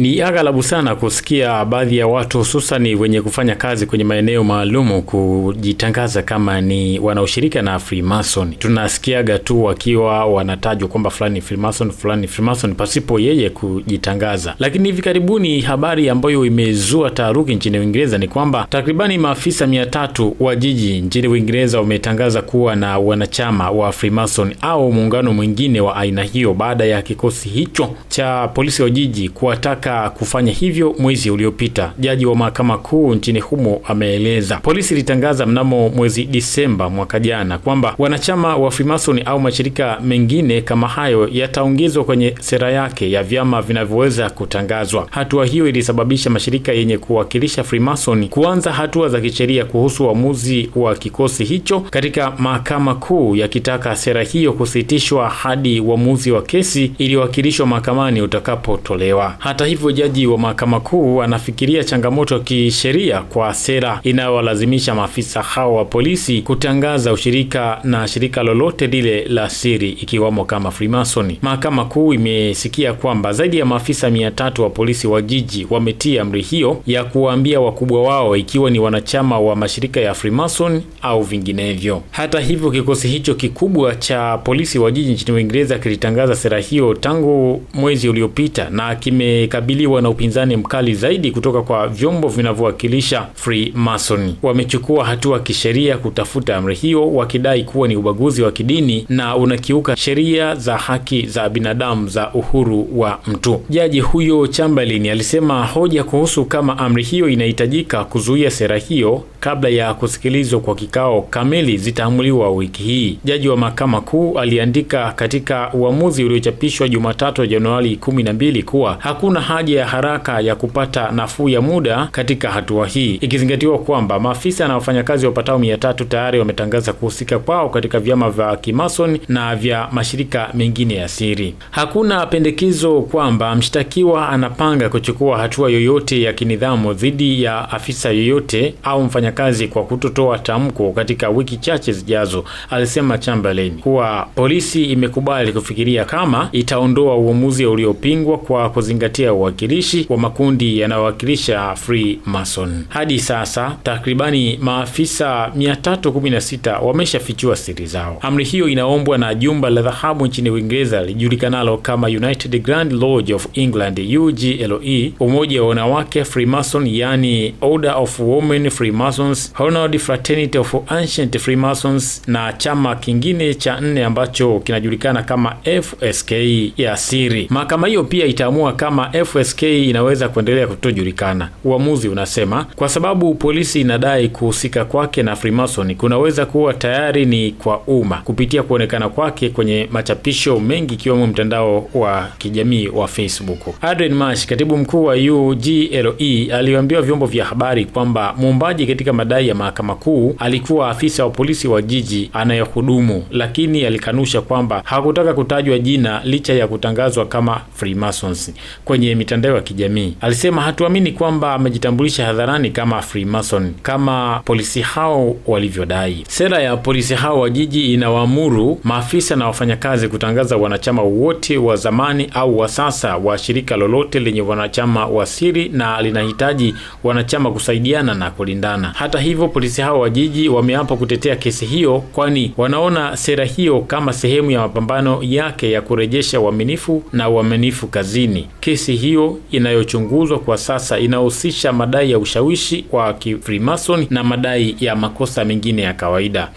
Ni aghalabu sana kusikia baadhi ya watu hususani wenye kufanya kazi kwenye maeneo maalumu kujitangaza kama ni wanaoshirika na Freemason. Tunasikiaga tu wakiwa wanatajwa kwamba fulani Freemason, fulani Freemason pasipo yeye kujitangaza. Lakini hivi karibuni habari ambayo imezua taharuki nchini Uingereza ni kwamba takribani maafisa mia tatu wa jiji nchini Uingereza wametangaza kuwa na wanachama wa Freemason au muungano mwingine wa aina hiyo baada ya kikosi hicho cha polisi wa jiji kuwataka katika kufanya hivyo mwezi uliopita, jaji wa mahakama kuu nchini humo ameeleza. Polisi ilitangaza mnamo mwezi Disemba mwaka jana kwamba wanachama wa Freemason au mashirika mengine kama hayo yataongezwa kwenye sera yake ya vyama vinavyoweza kutangazwa. Hatua hiyo ilisababisha mashirika yenye kuwakilisha Freemason kuanza hatua za kisheria kuhusu uamuzi wa, kikosi hicho katika mahakama kuu, yakitaka sera hiyo kusitishwa hadi uamuzi wa, wa kesi iliyowakilishwa mahakamani utakapotolewa. Hata hivyo hivyo jaji wa mahakama kuu anafikiria changamoto ya kisheria kwa sera inayowalazimisha maafisa hao wa polisi kutangaza ushirika na shirika lolote lile la siri ikiwamo kama Freemason. Mahakama kuu imesikia kwamba zaidi ya maafisa mia tatu wa polisi wa jiji wametia amri hiyo ya kuwaambia wakubwa wao ikiwa ni wanachama wa mashirika ya Freemason au vinginevyo. Hata hivyo, kikosi hicho kikubwa cha polisi wa jiji nchini Uingereza kilitangaza sera hiyo tangu mwezi uliopita na kime wanakabiliwa na upinzani mkali zaidi kutoka kwa vyombo vinavyowakilisha Freemason. Wamechukua hatua kisheria kutafuta amri hiyo, wakidai kuwa ni ubaguzi wa kidini na unakiuka sheria za haki za binadamu za uhuru wa mtu. Jaji huyo Chamberlain alisema hoja kuhusu kama amri hiyo inahitajika kuzuia sera hiyo kabla ya kusikilizwa kwa kikao kamili zitaamuliwa wiki hii. Jaji wa mahakama kuu aliandika katika uamuzi uliochapishwa Jumatatu Januari 12 kuwa hakuna haja ya haraka ya kupata nafuu ya muda katika hatua hii, ikizingatiwa kwamba maafisa na wafanyakazi wapatao mia tatu tayari wametangaza kuhusika kwao katika vyama vya kimasoni na vya mashirika mengine ya siri. Hakuna pendekezo kwamba mshtakiwa anapanga kuchukua hatua yoyote ya kinidhamu dhidi ya afisa yoyote au mfanyakazi kwa kutotoa tamko katika wiki chache zijazo, alisema Chamberlain kuwa polisi imekubali kufikiria kama itaondoa uamuzi uliopingwa kwa kuzingatia wawakilishi wa makundi yanayowakilisha Free Mason. Hadi sasa takribani maafisa 316 wameshafichua siri zao. Amri hiyo inaombwa na jumba la dhahabu nchini Uingereza lijulikanalo kama United Grand Lodge of England UGLE, umoja wa wanawake Freemason, yani Order of Women Freemasons, Honored Fraternity of Ancient Freemasons na chama kingine cha nne ambacho kinajulikana kama FSK ya siri. Mahakama hiyo pia itaamua kama F FSK inaweza kuendelea kutojulikana. Uamuzi unasema kwa sababu polisi inadai kuhusika kwake na Freemason kunaweza kuwa tayari ni kwa umma kupitia kuonekana kwake kwenye machapisho mengi ikiwemo mtandao wa kijamii wa Facebook. Adrian Marsh, katibu mkuu wa UGLE, aliambiwa vyombo vya habari kwamba mwombaji katika madai ya mahakama kuu alikuwa afisa wa polisi wa jiji anayehudumu, lakini alikanusha kwamba hakutaka kutajwa jina licha ya kutangazwa kama Freemasons kwenye mitandao ya kijamii. Alisema hatuamini kwamba amejitambulisha hadharani kama Freemason kama polisi hao walivyodai. Sera ya polisi hao wa jiji inawaamuru maafisa na wafanyakazi kutangaza wanachama wote wa zamani au wa sasa wa shirika lolote lenye wanachama wa siri na linahitaji wanachama kusaidiana na kulindana. Hata hivyo, polisi hao wa jiji wameapa kutetea kesi hiyo, kwani wanaona sera hiyo kama sehemu ya mapambano yake ya kurejesha uaminifu na uaminifu kazini. Kesi hiyo inayochunguzwa kwa sasa inahusisha madai ya ushawishi kwa kifrimason na madai ya makosa mengine ya kawaida.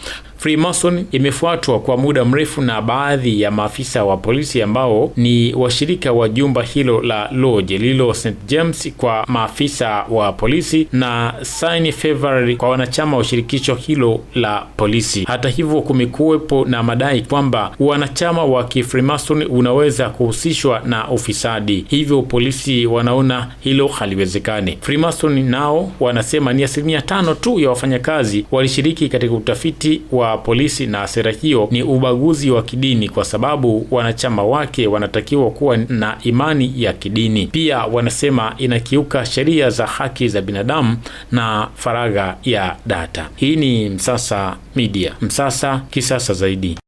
Freemason imefuatwa kwa muda mrefu na baadhi ya maafisa wa polisi ambao ni washirika wa jumba hilo la lodge lilo St James kwa maafisa wa polisi na Sign February kwa wanachama wa shirikisho hilo la polisi. Hata hivyo, kumekuwepo na madai kwamba wanachama wa Kifreemason unaweza kuhusishwa na ufisadi, hivyo polisi wanaona hilo haliwezekani. Freemason nao wanasema ni asilimia tano tu ya wafanyakazi walishiriki katika utafiti wa polisi na sera hiyo ni ubaguzi wa kidini, kwa sababu wanachama wake wanatakiwa kuwa na imani ya kidini. Pia wanasema inakiuka sheria za haki za binadamu na faragha ya data. Hii ni Msasa Media, Msasa kisasa zaidi.